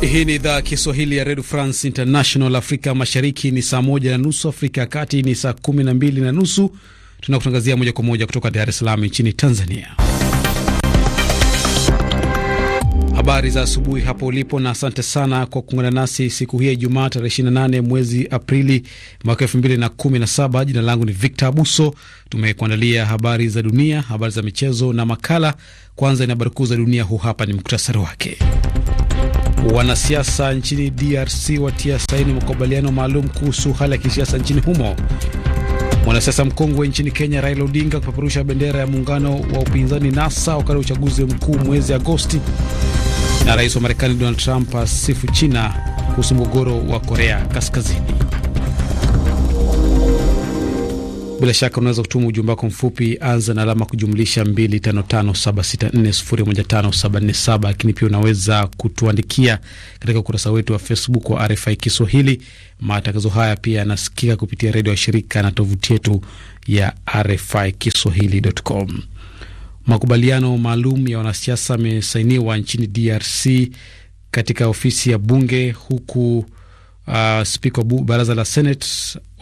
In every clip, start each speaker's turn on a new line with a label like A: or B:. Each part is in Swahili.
A: Hii ni idhaa ya Kiswahili ya Red France International. Afrika Mashariki ni saa moja na nusu, Afrika ya Kati ni saa kumi na mbili na nusu. Tunakutangazia moja kwa moja kutoka Dar es Salaam nchini Tanzania. Habari za asubuhi hapo ulipo, na asante sana kwa kuungana nasi siku hii ya Ijumaa tarehe 28 mwezi Aprili mwaka 2017. Jina langu ni Victor Abuso. Tumekuandalia habari za dunia, habari za michezo na makala. Kwanza ni habari kuu za dunia, huu hapa ni muktasari wake. Wanasiasa nchini DRC watia saini makubaliano maalum kuhusu hali ya kisiasa nchini humo. Mwanasiasa mkongwe nchini Kenya Raila Odinga kupeperusha bendera ya muungano wa upinzani NASA wakati wa uchaguzi mkuu mwezi Agosti, na rais wa Marekani Donald Trump asifu China kuhusu mgogoro wa Korea Kaskazini. Bila shaka unaweza kutuma ujumbe wako mfupi, anza na alama kujumlisha 255764015747. Lakini pia unaweza kutuandikia katika ukurasa wetu wa Facebook wa RFI Kiswahili. Matangazo haya pia yanasikika kupitia redio ya shirika na tovuti yetu ya RFI Kiswahili.com. Makubaliano maalum ya wanasiasa yamesainiwa nchini DRC katika ofisi ya bunge huku uh, spika wa baraza la Senate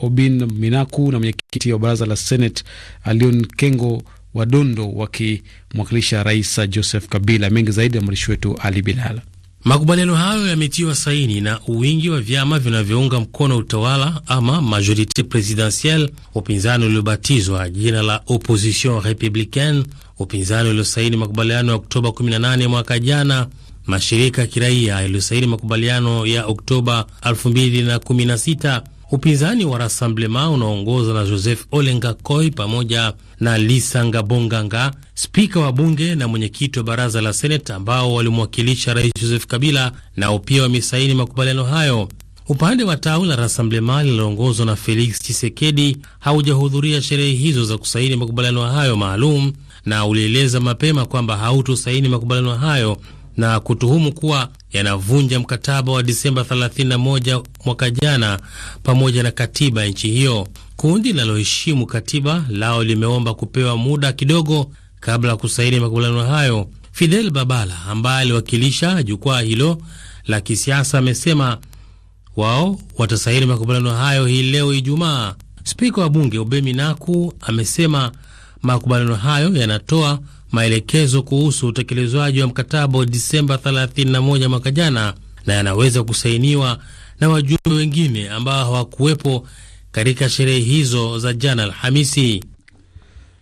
A: Obin Minaku na mwenyekiti wa baraza la Senate Alion Kengo Wadondo wakimwakilisha Rais Joseph Kabila. Mengi zaidi ya mwandishi wetu Ali Bilal. Makubaliano hayo
B: yametiwa saini na uwingi wa vyama vinavyounga mkono utawala ama majorite presidentielle, upinzani uliobatizwa jina la opposition republicaine, upinzani uliosaini makubaliano ya Oktoba 18 mwaka jana, mashirika ya kiraia yaliyosaini makubaliano ya Oktoba 2016 Upinzani wa Rassemblement unaoongozwa na Joseph Olenga koi pamoja na Lisanga Bonganga, spika wa bunge na mwenyekiti wa baraza la Seneti, ambao walimwakilisha Rais Joseph Kabila, nao pia wamesaini makubaliano hayo. Upande wa tawi la Rassemblement linaloongozwa na Felix chisekedi haujahudhuria sherehe hizo za kusaini makubaliano hayo maalum, na ulieleza mapema kwamba hautosaini makubaliano hayo na kutuhumu kuwa yanavunja mkataba wa Disemba 31 mwaka jana pamoja na katiba ya nchi hiyo. Kundi linaloheshimu katiba lao limeomba kupewa muda kidogo kabla ya kusaini makubaliano hayo. Fidel Babala ambaye aliwakilisha jukwaa hilo la kisiasa amesema wao watasaini makubaliano hayo hii leo Ijumaa. Spika wa bunge Obemi Naku amesema makubaliano hayo yanatoa maelekezo kuhusu utekelezwaji wa mkataba wa Disemba 31 mwaka jana, na yanaweza kusainiwa na wajumbe wengine ambao hawakuwepo katika sherehe hizo za jana Alhamisi.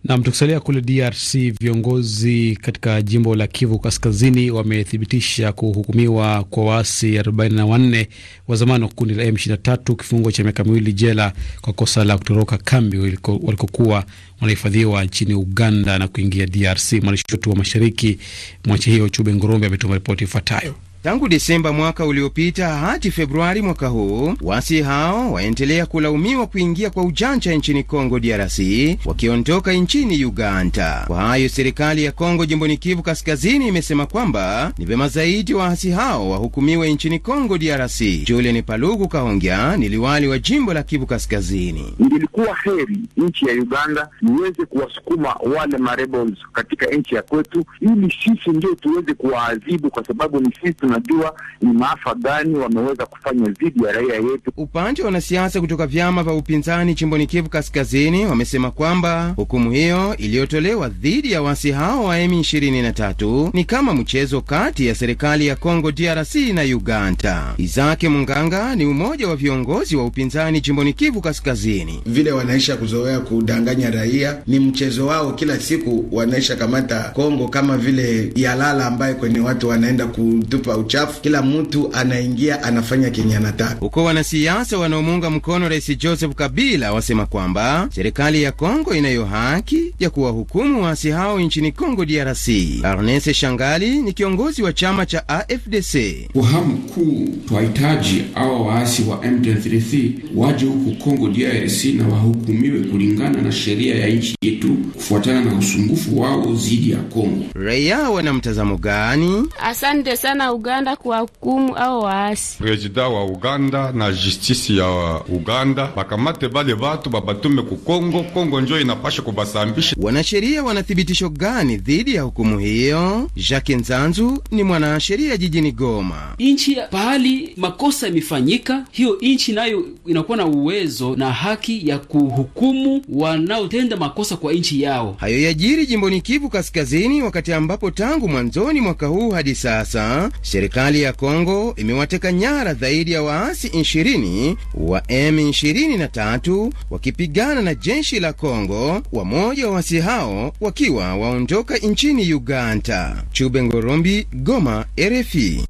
A: Nam, tukisalia kule DRC, viongozi katika jimbo la Kivu Kaskazini wamethibitisha kuhukumiwa kwa waasi 44 wa zamani wa kundi la M23 kifungo cha miaka miwili jela kwa kosa la kutoroka kambi walikokuwa wanahifadhiwa nchini Uganda na kuingia DRC. Mwandishi wetu wa mashariki mwa nchi hiyo Chube Ngurumbi ametuma ripoti ifuatayo.
C: Tangu Desemba mwaka uliopita hadi Februari mwaka huu, wasi hao waendelea kulaumiwa kuingia kwa ujanja nchini Kongo DRC wakiondoka nchini Uganda. Kwa hayo, serikali ya Kongo jimboni Kivu Kaskazini imesema kwamba ni vema zaidi waasi hao wahukumiwe nchini Kongo DRC. Julian Palugu Kaongea ni liwali wa jimbo la Kivu Kaskazini.
D: Ndilikuwa heri nchi ya Uganda iweze kuwasukuma wale marebels katika
E: nchi ya kwetu, ili sisi ndio tuweze kuwaadhibu, kwa sababu ni sisi tunajua ni maafa gani wameweza kufanya dhidi ya raia yetu.
C: Upande wa wanasiasa kutoka vyama vya upinzani chimboni Kivu Kaskazini wamesema kwamba hukumu hiyo iliyotolewa dhidi ya wasi hao wa M23 ni kama mchezo kati ya serikali ya Kongo DRC na Uganda. Izake Munganga ni umoja wa viongozi wa upinzani chimboni Kivu Kaskazini. Vile wanaisha kuzoea kudanganya raia, ni mchezo wao kila siku, wanaisha kamata Kongo kama vile Yalala ambaye kwenye watu wanaenda kutupa uchafu, kila mtu anaingia anafanya kenye anataka. Huko wanasiasa wanaomuunga mkono Rais Joseph Kabila wasema kwamba serikali ya Kongo inayo haki ya kuwahukumu waasi hao nchini Kongo DRC. Arnese Shangali ni kiongozi wa chama cha AFDC. Kuhamu kuu twahitaji awa waasi wa M23 waje huku Kongo DRC na wahukumiwe kulingana na sheria ya nchi yetu kufuatana na usumbufu wao dhidi ya Kongo. Raia wana mtazamo gani? Asante sana uga Uganda kuwahukumu au waasi. Prezida wa Uganda na justisi ya Uganda bakamate bale batu babatume ku Kongo. Kongo njo inapasha kubasambisha. Wanasheria wanathibitisho gani dhidi ya hukumu hiyo? Jacques Nzanzu ni mwanasheria jijini Goma.
A: Inchi pahali makosa yamefanyika hiyo inchi nayo inakuwa na uwezo na haki ya
C: kuhukumu wanaotenda makosa kwa inchi yao. Hayo yajiri jimboni Kivu Kaskazini, wakati ambapo tangu mwanzoni mwaka huu hadi sasa Serikali ya Kongo imewateka nyara zaidi ya waasi 20 wa M23 wakipigana na jeshi la Kongo, wamoja wa waasi hao wakiwa waondoka nchini Uganda. Chube Ngorombi, Goma, RFI.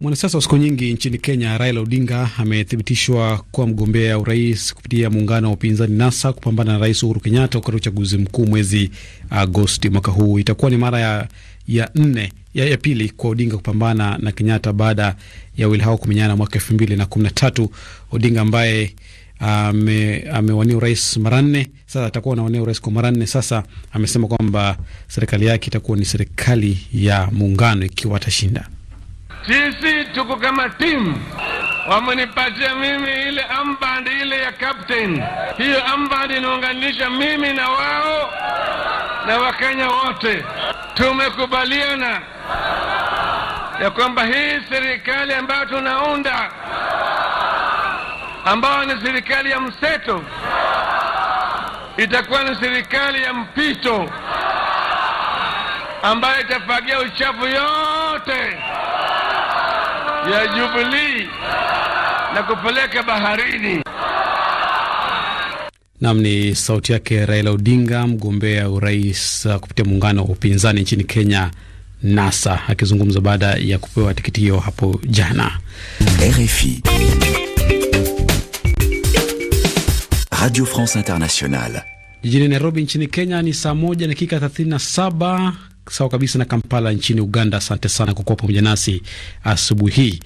A: Mwanasiasa wa siku nyingi nchini Kenya Raila Odinga amethibitishwa kuwa mgombea urais kupitia muungano wa upinzani NASA kupambana na Rais Uhuru Kenyatta wakati wa uchaguzi mkuu mwezi Agosti mwaka huu. Itakuwa ni mara ya ya nne ya, ya pili kwa Odinga kupambana na Kenyatta baada ya wawili hao kumenyana mwaka elfu mbili na kumi na tatu. Odinga ambaye amewania urais mara nne sasa, atakuwa anawania urais kwa mara nne sasa. Amesema kwamba serikali yake itakuwa ni serikali ya muungano ikiwa atashinda.
C: Sisi
F: tuko kama timu, wamenipatia mimi ile amband ile ya captain. Hiyo amband inaunganisha mimi na wao na wakenya wote Tumekubaliana ya kwamba hii serikali ambayo tunaunda ambayo ni serikali ya mseto itakuwa ni serikali ya mpito ambayo itafagia uchafu yote ya Jubilii na kupeleka baharini.
A: Nam ni sauti yake Raila Odinga, mgombea urais uh, kupitia muungano wa upinzani nchini Kenya, NASA, akizungumza baada ya kupewa tikiti hiyo hapo jana. RFI
G: Radio France Internationale
A: jijini Nairobi nchini Kenya ni saa moja dakika 37 sawa kabisa na Kampala nchini Uganda. Asante sana kwa kuwa pamoja nasi asubuhi hii.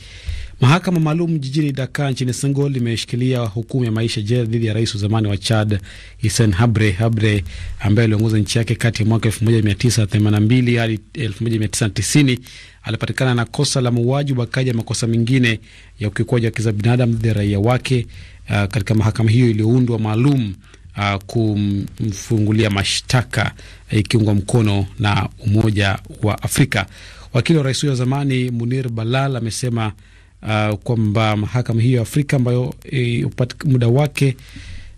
A: Mahakama maalum jijini Dakar nchini Senegal limeshikilia hukumu ya maisha jela dhidi ya rais wa zamani wa Chad Hissène Habre Habre ambaye aliongoza nchi yake kati ya mwaka 1982 hadi 1990. Alipatikana na kosa la mauaji, ubakaji na makosa mengine ya ukiukwaji wa haki za binadamu dhidi ya raia wake uh, katika mahakama hiyo iliyoundwa maalum uh, kumfungulia mashtaka uh, ikiungwa uh, mkono na Umoja wa Afrika. Wakili wa rais huyo wa zamani Munir Balal amesema uh, kwamba mahakama hiyo ya Afrika ambayo e, muda wake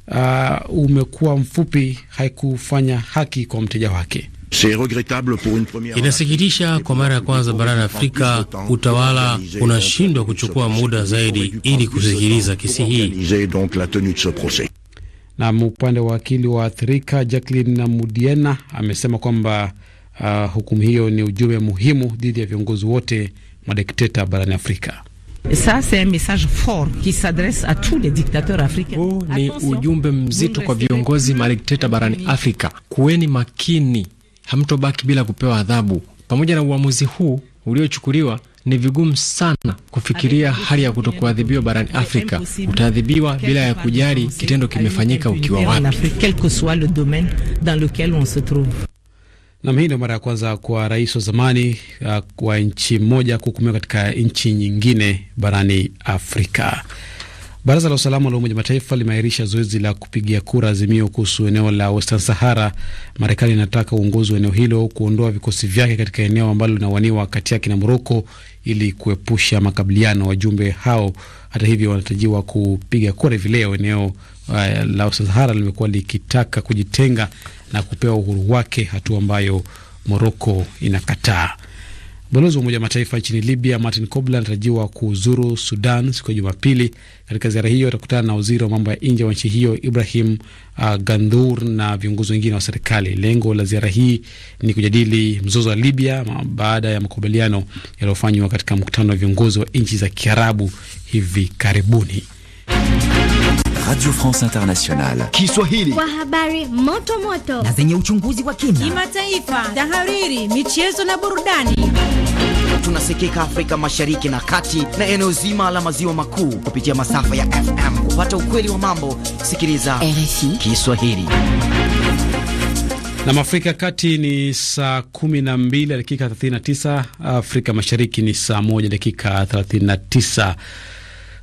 A: uh, umekuwa mfupi haikufanya haki kwa mteja wake.
C: Inasikitisha, kwa mara ya kwanza barani Afrika utawala unashindwa kuchukua muda zaidi ili kusikiliza kesi hii.
A: nam upande wa wakili wa athirika Jacqueline Mudiena amesema kwamba uh, hukumu hiyo ni ujumbe muhimu dhidi ya viongozi wote madikteta barani Afrika. Ça,
C: c'est un message fort qui s'adresse à tous les dictateurs africains. Huu ni ujumbe
B: mzito kwa viongozi madikteta barani Afrika. Kuweni makini, hamtobaki bila kupewa adhabu. Pamoja na uamuzi huu uliochukuliwa, ni vigumu sana kufikiria hali ya kutokuadhibiwa barani Afrika. Utaadhibiwa bila ya kujali kitendo kimefanyika
A: ukiwa wapi. Nam, hii ndio mara ya kwanza kwa rais wa zamani uh, wa nchi moja kuhukumiwa katika nchi nyingine barani Afrika. Baraza la usalama la Umoja Mataifa limeahirisha zoezi la kupigia kura azimio kuhusu eneo la Western Sahara. Marekani inataka uongozi wa eneo hilo kuondoa vikosi vyake katika eneo ambalo linawaniwa kati yake na Moroko ili kuepusha makabiliano. Wajumbe hao hata hivyo wanatarajiwa kupiga kura hivi leo. Eneo uh, la Western Sahara limekuwa likitaka kujitenga na kupewa uhuru wake, hatua ambayo Moroko inakataa. Balozi wa Umoja wa Mataifa nchini Libya Martin Kobler anatarajiwa kuuzuru Sudan siku ya Jumapili. Katika ziara hiyo atakutana na waziri wa mambo ya nje wa nchi hiyo Ibrahim uh, Gandhur na viongozi wengine wa serikali. Lengo la ziara hii ni kujadili mzozo wa Libya baada ya makubaliano yaliyofanywa katika mkutano wa viongozi wa nchi za Kiarabu hivi karibuni. Radio France Internationale.
C: Kiswahili. Kwa habari moto moto na zenye uchunguzi wa kina, kimataifa, tahariri, michezo na burudani. Tunasikika Afrika Mashariki na Kati
H: na eneo zima la maziwa makuu kupitia masafa ya FM. Kupata ukweli wa mambo, sikiliza
A: RFI Kiswahili. Na Afrika Kati ni saa 12 dakika 39, Afrika Mashariki ni saa 1 dakika 39.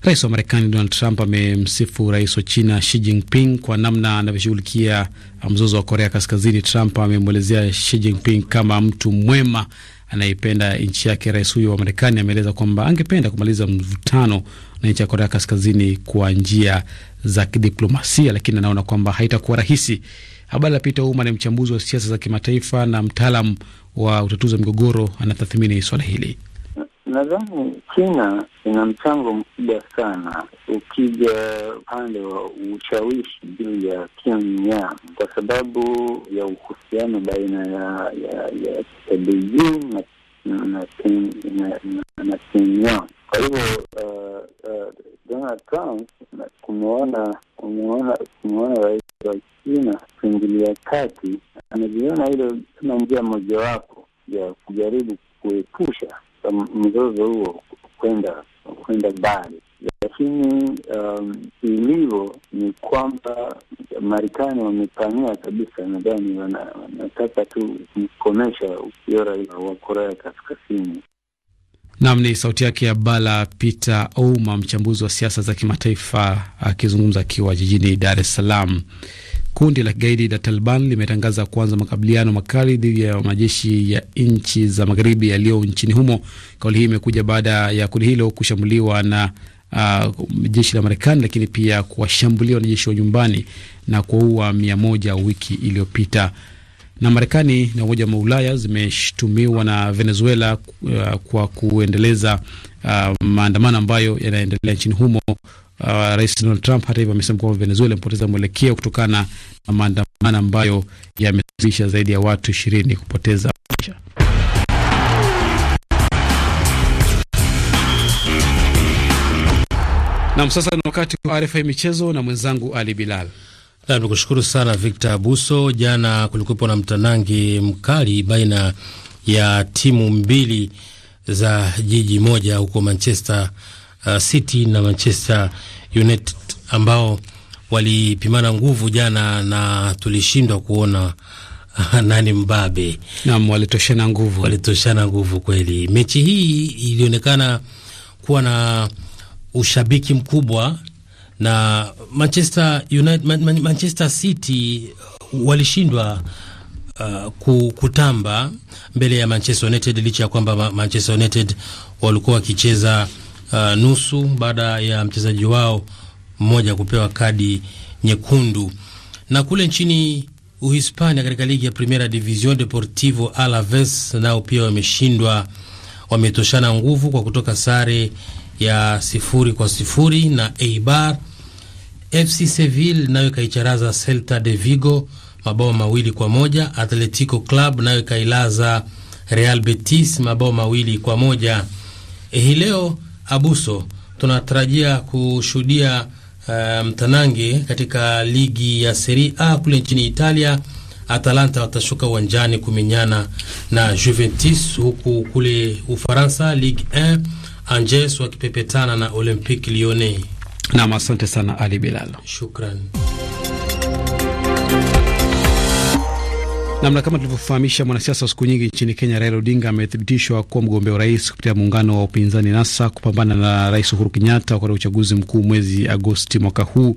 A: Rais wa Marekani Donald Trump amemsifu rais wa China Xi Jinping kwa namna anavyoshughulikia mzozo wa Korea Kaskazini. Trump amemwelezea Xi Jinping kama mtu mwema anayependa nchi yake. Rais huyo wa Marekani ameeleza kwamba angependa kumaliza mvutano na nchi ya Korea Kaskazini kwa njia za kidiplomasia, lakini anaona kwamba haitakuwa rahisi. Habari la Pita Uma ni mchambuzi wa siasa za kimataifa na mtaalam wa utatuzi wa migogoro, anatathmini swala hili.
E: Nadhani China ina mchango mkubwa sana ukija upande wa ushawishi juu ya
B: Pyongyang
E: kwa sababu ya uhusiano baina ya ya Beijing na Pyongyang. Kwa hivyo uh, uh, Donald Trump kumeona kumeona rais wa China kuingilia kati, anajiona hilo kama njia mojawapo ya kujaribu kuepusha mzozo huo kwenda kwenda mbali, lakini um, ilivyo ni kwamba Marekani wamepanua kabisa, nadhani wanataka tu kukomesha ukiora wa Korea
A: Kaskazini. Nam ni sauti yake ya Bala Peter Ouma, mchambuzi wa siasa za kimataifa akizungumza akiwa jijini Dar es Salaam. Kundi la kigaidi la Taliban limetangaza kuanza makabiliano makali dhidi ya majeshi ya nchi za magharibi yaliyo nchini humo. Kauli hii imekuja baada ya kundi hilo kushambuliwa na uh, jeshi la Marekani, lakini pia kuwashambulia wanajeshi wa nyumbani na kuwaua mia moja wiki iliyopita. Na Marekani na Umoja wa Ulaya zimeshtumiwa na Venezuela uh, kwa kuendeleza uh, maandamano ambayo yanaendelea nchini humo Uh, Rais Donald Trump hata hivyo amesema kwamba Venezuela imepoteza mwelekeo kutokana na maandamano ambayo yamesababisha zaidi ya watu ishirini kupoteza maisha. Nam, sasa ni wakati wa RFI michezo na mwenzangu Ali Bilal.
B: Nam, nikushukuru sana Victor Abuso. Jana kulikuwepo na mtanangi mkali baina ya timu mbili za jiji moja huko Manchester uh, City na Manchester United ambao walipimana nguvu jana na tulishindwa kuona uh, nani mbabe. Naam, walitoshana nguvu, walitoshana nguvu kweli. Mechi hii ilionekana kuwa na ushabiki mkubwa na Manchester United, Man, Manchester City uh, walishindwa uh, kutamba mbele ya Manchester United licha ya kwamba Manchester United walikuwa wakicheza uh, nusu baada ya mchezaji wao mmoja kupewa kadi nyekundu. Na kule nchini Uhispania, katika ligi ya Primera Division, Deportivo Alaves nao pia wameshindwa, wametoshana nguvu kwa kutoka sare ya sifuri kwa sifuri na Eibar. FC Seville nayo ikaicharaza Celta de Vigo mabao mawili kwa moja. Atletico Club nayo ikailaza Real Betis mabao mawili kwa moja. Eh, hii leo Abuso, tunatarajia kushuhudia uh, mtanange katika ligi ya Serie A kule nchini Italia. Atalanta watashuka uwanjani kumenyana na Juventus, huku kule Ufaransa Ligue 1 Angers wakipepetana na Olympique Lyonnais.
A: Nam, asante sana Ali Bilal, shukran. Namna kama tulivyofahamisha, mwanasiasa wa siku nyingi nchini Kenya Raila Odinga amethibitishwa kuwa mgombea urais kupitia muungano wa upinzani NASA kupambana na Rais Uhuru Kenyatta wakati wa uchaguzi mkuu mwezi Agosti mwaka huu.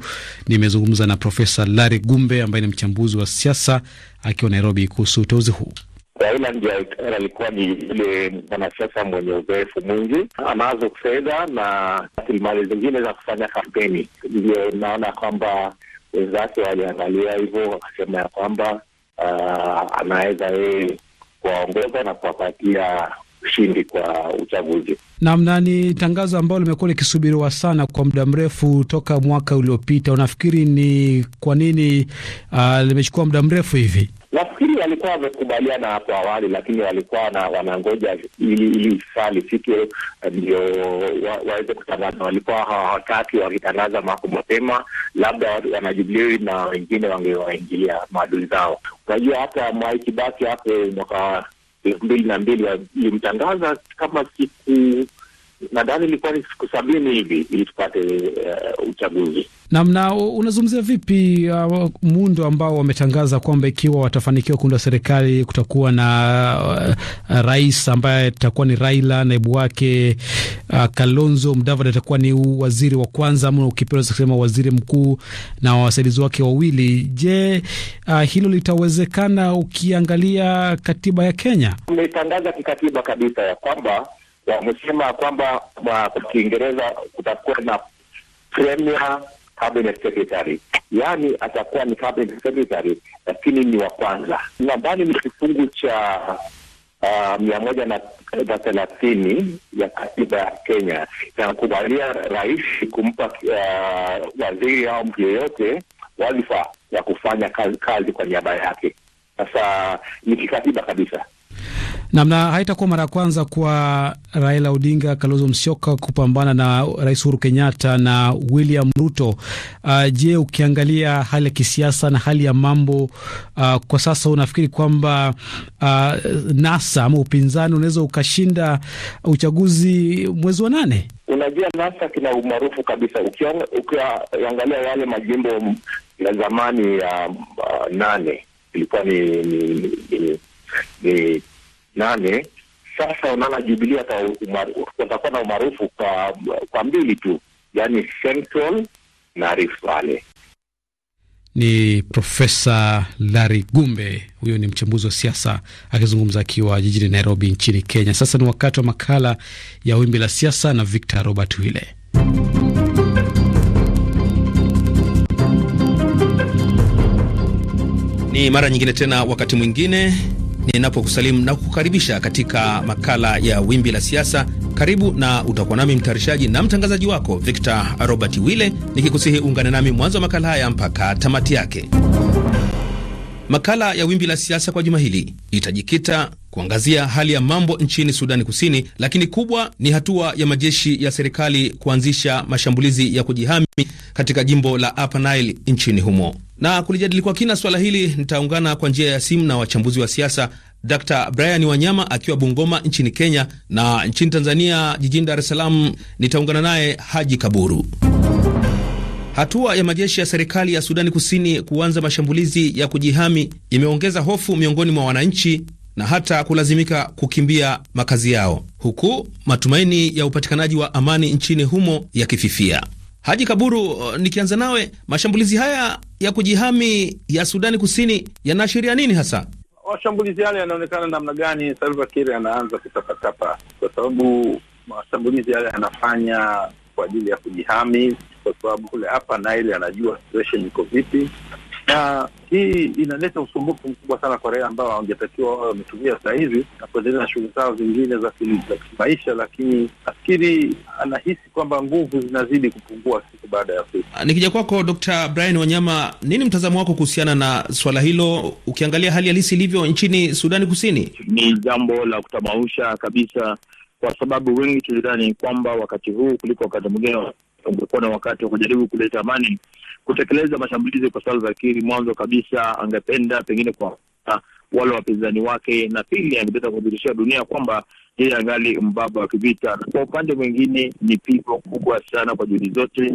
A: Nimezungumza na Profesa lari Gumbe ambaye ni mchambuzi wa siasa akiwa Nairobi kuhusu uteuzi huu.
E: Raila ndio alikuwa ni yule mwanasiasa mwenye uzoefu mwingi, anazo fedha na rasilimali zingine za kufanya kampeni. Ndio naona kwamba wenzake waliangalia hivyo, wakasema ya kwamba uh, anaweza yeye kuwaongoza na kuwapatia ushindi kwa uchaguzi.
A: Naam, na ni tangazo ambalo limekuwa likisubiriwa sana kwa muda mrefu toka mwaka uliopita. Unafikiri ni kwa nini uh, limechukua muda mrefu hivi?
E: Nafikiri walikuwa wamekubaliana hapo awali, lakini walikuwa wanangoja ili ili saa lifike eh, ndio wa, waweze kutangaza. Walikuwa hawataki wakitangaza mako mapema, labda wanajubilii na wengine wangewaingilia maadui zao. Unajua hata Mwai Kibaki hapo mwaka elfu mbili na mbili walimtangaza kama siku nadhani ilikuwa ni siku sabini hivi ili tupate uh, uchaguzi.
A: namna Na unazungumzia vipi uh, muundo ambao wametangaza kwamba ikiwa watafanikiwa kuunda serikali kutakuwa na uh, rais ambaye atakuwa ni Raila, naibu wake uh, Kalonzo mdavad atakuwa ni waziri wa kwanza ama ukipenda kusema waziri mkuu na wasaidizi wake wawili. Je, uh, hilo litawezekana ukiangalia katiba ya Kenya?
E: Umetangaza kikatiba kabisa ya kwamba wamesema kwamba kwa Kiingereza kutakuwa na premier cabinet secretary, yaani atakuwa ni cabinet secretary, lakini ni wa kwanza. Nadhani ni kifungu cha uh, mia moja na thelathini ya katiba ya Kenya inakubalia rais kumpa uh, waziri au mtu yeyote wadhifa ya kufanya kazi, kazi kwa niaba yake. Sasa ni kikatiba kabisa.
A: Namna haitakuwa mara ya kwanza kwa Raila Odinga, Kalonzo Musyoka kupambana na Rais Uhuru Kenyatta na William Ruto. Uh, je, ukiangalia hali ya kisiasa na hali ya mambo uh, kwa sasa unafikiri kwamba uh, NASA ama upinzani unaweza ukashinda uchaguzi mwezi wa nane?
E: Unajua, NASA kina umaarufu kabisa, ukiangalia yale majimbo ya zamani ya uh, uh, nane ilikuwa ni, ni, ni, ni, ni nane. Sasa unaona jubilia watakuwa na umaarufu kwa kwa mbili tu, yani Central na Rift Valley.
A: Ni Profesa Lari Gumbe, huyo ni mchambuzi wa siasa akizungumza akiwa jijini Nairobi nchini Kenya. Sasa ni wakati wa makala ya Wimbi la Siasa na Victor Robert Wille.
H: Ni mara nyingine tena, wakati mwingine ninapokusalimu na kukukaribisha katika makala ya Wimbi la Siasa. Karibu na utakuwa nami mtayarishaji na mtangazaji wako Victor Robert Wille, nikikusihi uungane nami mwanzo wa makala haya mpaka tamati yake. Makala ya Wimbi la Siasa kwa juma hili itajikita kuangazia hali ya mambo nchini Sudani Kusini, lakini kubwa ni hatua ya majeshi ya serikali kuanzisha mashambulizi ya kujihami katika jimbo la Upper Nile nchini humo. Na kulijadili kwa kina swala hili nitaungana kwa njia ya simu na wachambuzi wa siasa Dr. Brian Wanyama akiwa Bungoma nchini Kenya, na nchini Tanzania jijini Dar es Salaam nitaungana naye Haji Kaburu. Hatua ya majeshi ya serikali ya Sudani Kusini kuanza mashambulizi ya kujihami imeongeza hofu miongoni mwa wananchi na hata kulazimika kukimbia makazi yao, huku matumaini ya upatikanaji wa amani nchini humo yakififia. Haji Kaburu, nikianza nawe, mashambulizi haya ya kujihami ya Sudani Kusini yanaashiria nini hasa?
F: Mashambulizi yale yanaonekana namna gani? Salva Kiir anaanza kutapatapa, kwa sababu mashambulizi yale yanafanya kwa ajili ya kujihami, kwa sababu kule hapa Nile anajua situation iko vipi na hii inaleta usumbufu mkubwa sana kwa raia ambao hawajatakiwa wao wametumia saa hizi na kuendelea na shughuli zao zingine za kimaisha, lakini nafikiri anahisi kwamba nguvu zinazidi kupungua siku baada ya siku.
H: Ah, nikija kwako Dr. Brian Wanyama, nini mtazamo wako kuhusiana na swala hilo, ukiangalia hali halisi ilivyo nchini Sudani Kusini? Ni
D: jambo la kutamausha kabisa, kwa sababu wengi tulidhani kwamba wakati huu kuliko wakati mwingine ungekuwa na wakati wa kujaribu kuleta amani kutekeleza mashambulizi kwa Salva Kiir, mwanzo kabisa angependa pengine kwa ah, wale wapinzani wake, na pili angependa kudhirishia dunia kwamba yeye angali mbaba wa kivita, na kwa upande mwingine ni pigo kubwa sana kwa juhudi zote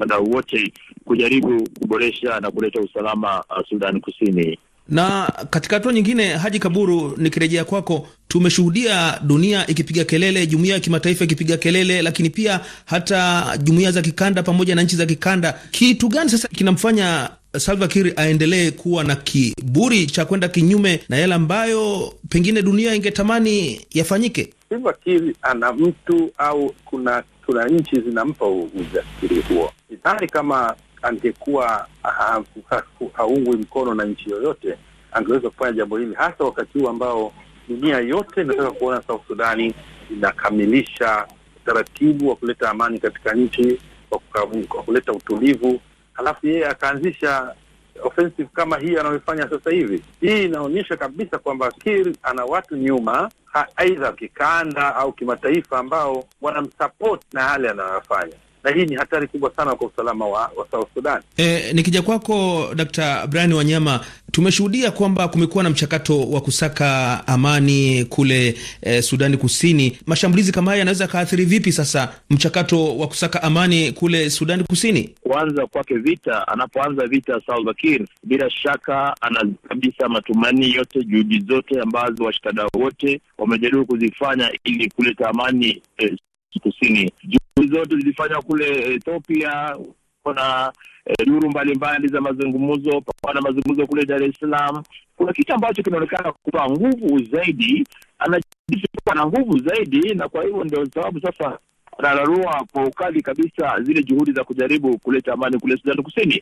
D: wadau wote kujaribu kuboresha na kuleta usalama uh, ah, Sudani Kusini.
H: Na katika hatua nyingine, Haji Kaburu, nikirejea kwako, tumeshuhudia dunia ikipiga kelele, jumuiya ya kimataifa ikipiga kelele, lakini pia hata jumuiya za kikanda pamoja na nchi za kikanda. Kitu gani sasa kinamfanya Salva Kiir aendelee kuwa na kiburi cha kwenda kinyume na yale ambayo pengine dunia ingetamani yafanyike?
F: Salva Kiir ana mtu au kuna kuna nchi zinampa ujasiri huo, sidhani kama angekuwa haungwi mkono na nchi yoyote, angeweza kufanya jambo hili, hasa wakati huu ambao dunia yote inataka kuona South Sudani inakamilisha utaratibu wa kuleta amani katika nchi kwa kuleta utulivu, halafu yeye akaanzisha offensive kama hii anayoifanya sasa hivi. Hii inaonyesha kabisa kwamba Kir ana watu nyuma, aidha kikanda au kimataifa, ambao wanamsupport na yale anayoyafanya na hii ni hatari kubwa sana kwa usalama wa, wa South Sudan.
H: E, nikija kwako Dr. Brian Wanyama, tumeshuhudia kwamba kumekuwa na mchakato wa kusaka amani kule e, Sudani Kusini. Mashambulizi kama haya yanaweza yakaathiri vipi sasa mchakato wa kusaka amani kule Sudani Kusini?
D: Kuanza kwake vita, anapoanza vita Salva Kiir, bila shaka ana kabisa matumaini yote, juhudi zote ambazo washikadau wote wamejaribu kuzifanya ili kuleta amani e, kusini zote zilifanywa kule eh, Ethiopia. Kuna eh, duru mbalimbali za mazungumzo, pana na mazungumzo kule Dar es Salaam. Kuna kitu ambacho kinaonekana kupa nguvu zaidi, anajisi na nguvu zaidi, na kwa hivyo ndio sababu sasa anararua kwa ukali kabisa zile juhudi za kujaribu kuleta amani kule Sudani Kusini.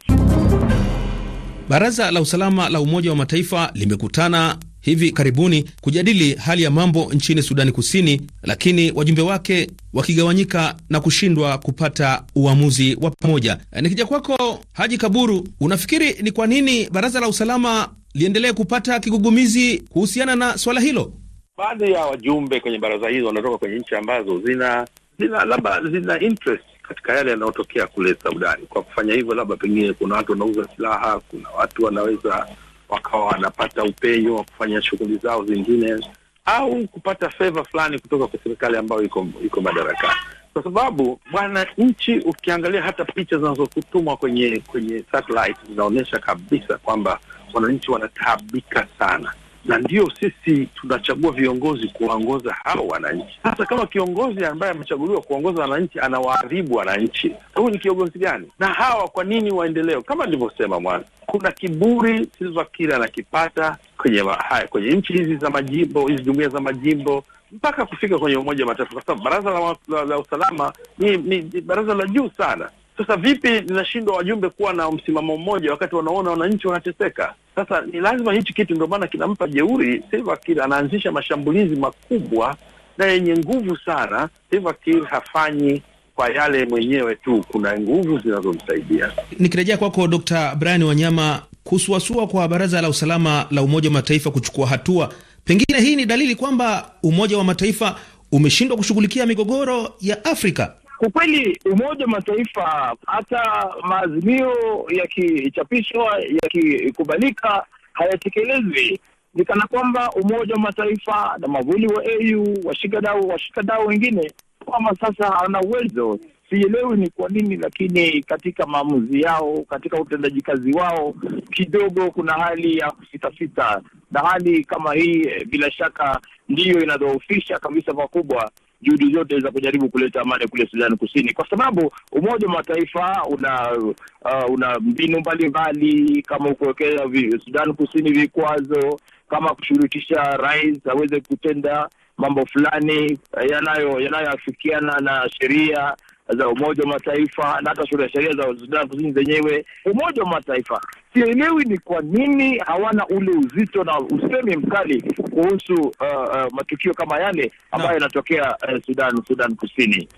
H: Baraza la Usalama la Umoja wa Mataifa limekutana hivi karibuni kujadili hali ya mambo nchini Sudani Kusini, lakini wajumbe wake wakigawanyika na kushindwa kupata uamuzi wa pamoja. Nikija kwako Haji Kaburu, unafikiri ni kwa nini baraza la usalama liendelee kupata kigugumizi kuhusiana na swala hilo?
F: Baadhi ya wajumbe kwenye baraza hizo wanatoka kwenye nchi ambazo zina zina labda zina interest katika yale yanayotokea kule saudani Kwa kufanya hivyo, labda pengine kuna watu wanauza silaha, kuna watu wanaweza wakawa wanapata upenyo wa kufanya shughuli zao zingine au kupata fedha fulani kutoka kwa serikali ambayo iko iko madarakani, kwa sababu bwana, nchi ukiangalia hata picha zinazokutumwa kwenye kwenye satellite zinaonyesha kabisa kwamba wananchi wanataabika sana na ndio sisi tunachagua viongozi kuwaongoza hao wananchi. Sasa kama kiongozi ambaye amechaguliwa kuongoza wananchi anawaadhibu wananchi, huyu ni kiongozi gani? Na hawa kwa nini waendeleo Kama nilivyosema mwanzo, kuna kiburi Silva Kiir anakipata kwenye haya kwenye nchi hizi za majimbo, hizi jumuia za majimbo mpaka kufika kwenye Umoja wa Mataifa, kwa sababu baraza la, la, la usalama ni, ni baraza la juu sana sasa vipi linashindwa wajumbe kuwa na msimamo mmoja wakati wanaona wananchi wanateseka? Sasa ni lazima hichi kitu, ndio maana kinampa jeuri Salva Kiir. Anaanzisha mashambulizi makubwa na yenye nguvu sana. Salva Kiir hafanyi kwa yale mwenyewe tu, kuna nguvu zinazomsaidia.
H: Nikirejea kwako Dr. Brian Wanyama, kusuasua kwa Baraza la Usalama la Umoja wa Mataifa kuchukua hatua, pengine hii ni dalili kwamba Umoja wa Mataifa umeshindwa kushughulikia migogoro ya Afrika. Kwa kweli Umoja wa Mataifa, hata maazimio yakichapishwa
D: yakikubalika, hayatekelezwi. Ni kana kwamba Umoja wa Mataifa na mavuli wa AU, washikadau washikadau wengine kama sasa hana uwezo. Sielewi ni kwa nini, lakini katika maamuzi yao, katika utendaji kazi wao, kidogo kuna hali ya kusitasita, na hali kama hii eh, bila shaka ndiyo inadhoofisha kabisa pakubwa juhudi zote za kujaribu kuleta amani kule Sudani Kusini, kwa sababu Umoja wa Mataifa una uh, una mbinu mbalimbali kama kuwekea Sudani Kusini vikwazo, kama kushurutisha rais aweze kutenda mambo fulani uh, yanayoafikiana na sheria za Umoja wa Mataifa na hata shule ya sheria za Sudan Kusini zenyewe Umoja wa Mataifa. Sielewi ni kwa nini hawana ule uzito na usemi mkali kuhusu uh, uh, matukio kama yale ambayo yanatokea uh, Sudan Sudan Kusini.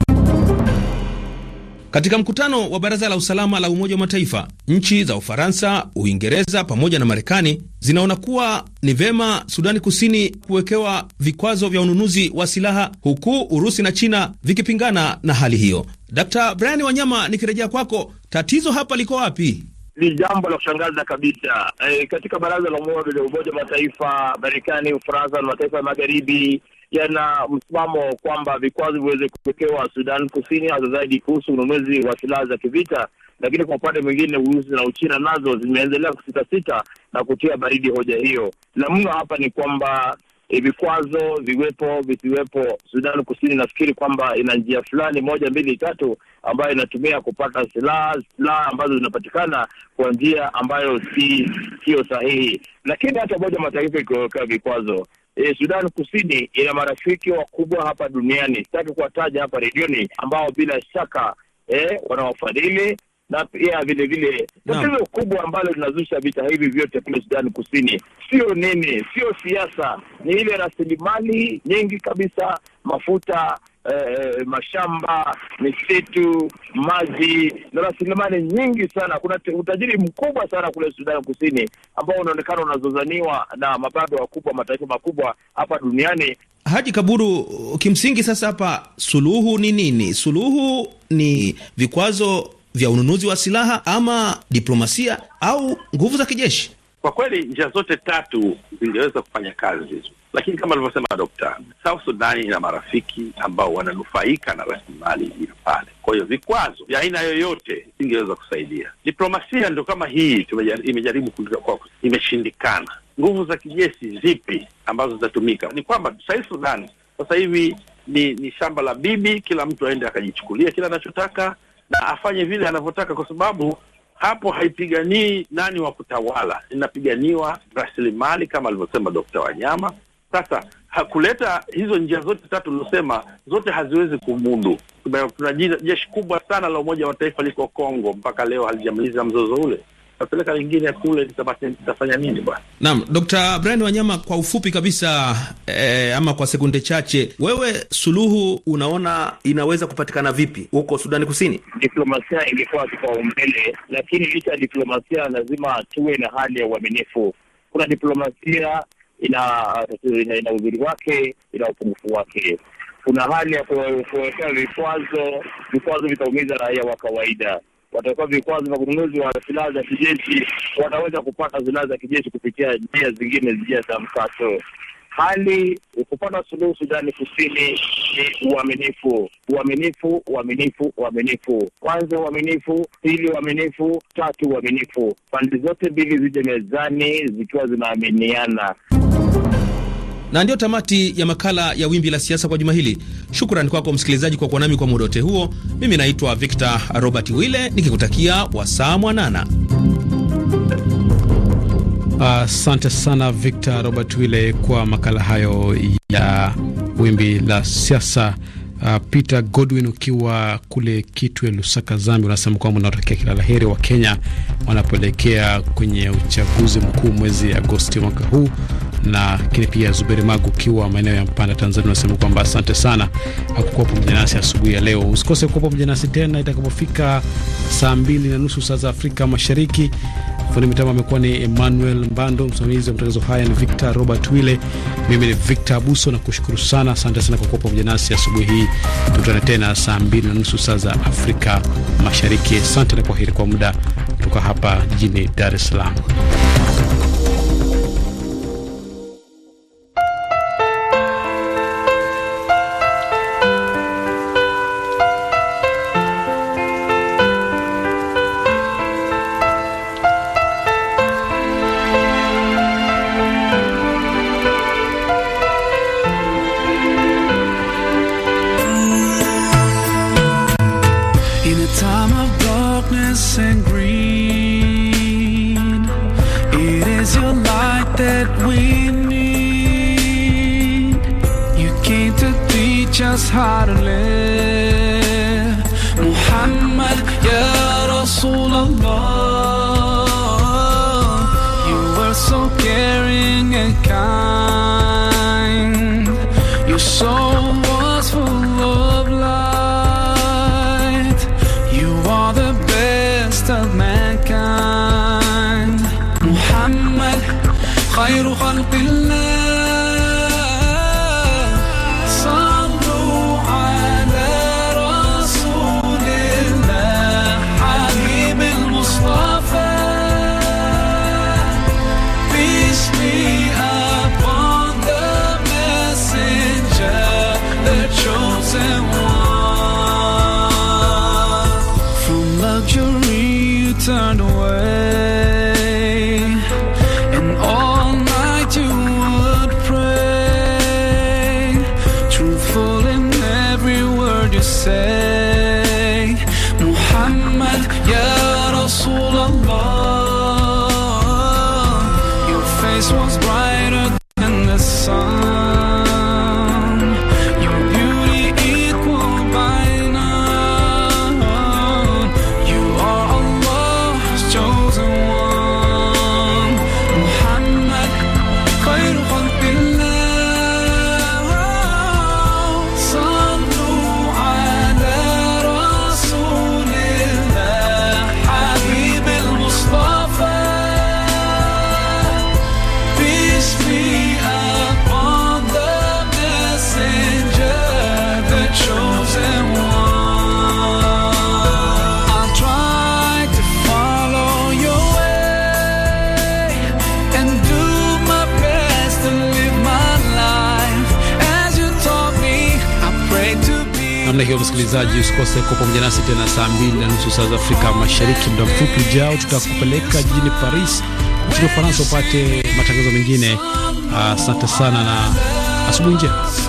H: Katika mkutano wa Baraza la Usalama la Umoja wa Mataifa, nchi za Ufaransa, Uingereza pamoja na Marekani zinaona kuwa ni vema Sudani Kusini kuwekewa vikwazo vya ununuzi wa silaha, huku Urusi na China vikipingana na hali hiyo. Dkt. Brian Wanyama, nikirejea kwako, tatizo hapa liko wapi? Ni jambo la kushangaza kabisa.
D: E, katika baraza la umoja la Umoja wa Mataifa, Marekani, Ufaransa na mataifa ya magharibi yana msimamo kwamba vikwazo viweze kuwekewa Sudan Kusini, hasa zaidi kuhusu ununuzi wa silaha za kivita. Lakini kwa upande mwingine, Urusi na Uchina nazo zimeendelea kusitasita na kutia baridi hoja hiyo. La mno hapa ni kwamba eh, vikwazo viwepo visiwepo, Sudan Kusini nafikiri kwamba ina njia fulani moja mbili tatu ambayo inatumia kupata silaha, silaha ambazo zinapatikana kwa njia ambayo si siyo sahihi. Lakini hata moja Mataifa ikiwekea vikwazo e, Sudan Kusini ina marafiki wakubwa hapa duniani, sitaki kuwataja hapa redioni, ambao bila shaka e, wanawafadhili na pia vile vile tatizo kubwa ambalo linazusha vita hivi vyote kule Sudani Kusini sio nini, sio siasa, ni ile rasilimali nyingi kabisa, mafuta Eh, eh, mashamba, misitu, maji na rasilimali nyingi sana. Kuna utajiri mkubwa sana kule Sudani Kusini ambao unaonekana unazozaniwa na mababe wakubwa, mataifa makubwa hapa duniani.
H: Haji Kaburu, kimsingi sasa hapa suluhu ni nini? Suluhu ni vikwazo vya ununuzi wa silaha ama diplomasia au nguvu za kijeshi?
F: Kwa kweli njia zote tatu zingeweza kufanya kazi vizuri. Lakini kama alivyosema Dokta, South Sudan ina marafiki ambao wananufaika na rasilimali iliyo pale. Kwa hiyo vikwazo vya aina yoyote isingeweza kusaidia. Diplomasia ndo kama hii imejaribu imeshindikana. Nguvu za kijeshi zipi ambazo zitatumika? Ni kwamba sahii Sudani sasa hivi ni ni shamba la bibi, kila mtu aende akajichukulia kila anachotaka na afanye vile anavyotaka, kwa sababu hapo haipiganii nani wa kutawala, inapiganiwa rasilimali kama alivyosema Dokta Wanyama, sasa hakuleta hizo njia zote tatu nilosema, zote haziwezi kumudu. Tuna jeshi kubwa sana la Umoja wa Mataifa liko Kongo, mpaka leo halijamaliza mzozo ule peleka lingine kule litafanya nini bwana?
H: Naam, Dr. Brian Wanyama, kwa ufupi kabisa eh, ama kwa sekunde chache, wewe suluhu unaona inaweza kupatikana vipi huko Sudani Kusini? Diplomasia ingekuwa kipaumbele, lakini licha ya diplomasia lazima tuwe na
D: hali ya uaminifu. Kuna diplomasia ina ina, ina uzuri wake, ina upungufu wake. Kuna hali ya kuwekea vikwazo. Vikwazo vitaumiza raia wa kawaida watakuwa vikwazo vya ununuzi wa silaha za kijeshi, wataweza kupata silaha za kijeshi kupitia njia zingine njia za mkato. Hali kupata suluhu Sudani Kusini ni uaminifu, uaminifu, uaminifu, uaminifu. Kwanza uaminifu, pili uaminifu, tatu uaminifu. Pande zote mbili zije mezani zikiwa zinaaminiana.
H: Na ndiyo tamati ya makala ya Wimbi la Siasa kwa juma hili. Shukrani kwako kwa msikilizaji kwa kuwa nami kwa muda wote huo. Mimi naitwa Victor Robert
A: Wille nikikutakia wasaa mwanana. Asante uh, sana Victor Robert Wille kwa makala hayo ya Wimbi la Siasa. Uh, Peter Godwin ukiwa kule Kitwe, Lusaka, Zambia, unasema kwamba unatakia kila la heri wa Kenya wanapoelekea kwenye uchaguzi mkuu mwezi Agosti mwaka huu na kini pia Zuberi Magu ukiwa maeneo ya Mpanda, Tanzania, unasema kwamba asante sana akukuwa pamoja nasi asubuhi ya leo. Usikose kuwa pamoja nasi tena itakapofika saa mbili na nusu saa za Afrika Mashariki. Fundi mitambo amekuwa ni Emmanuel Mbando, msimamizi wa matangazo haya ni Victor Robert Wile, mimi ni Victor Abuso na kushukuru sana, asante sana kwa kuwa pamoja nasi asubuhi hii. Tutane tena saa mbili na nusu saa za Afrika Mashariki. Asante na kwaheri kwa muda kutoka hapa jijini Dar es Salaam. hiyo msikilizaji, usikose kuwa pamoja nasi tena saa mbili na nusu saa za Afrika Mashariki. Muda mfupi ujao, tutakupeleka jijini Paris nchini Ufaransa upate matangazo mengine. Asante uh, sana na asubuhi njema.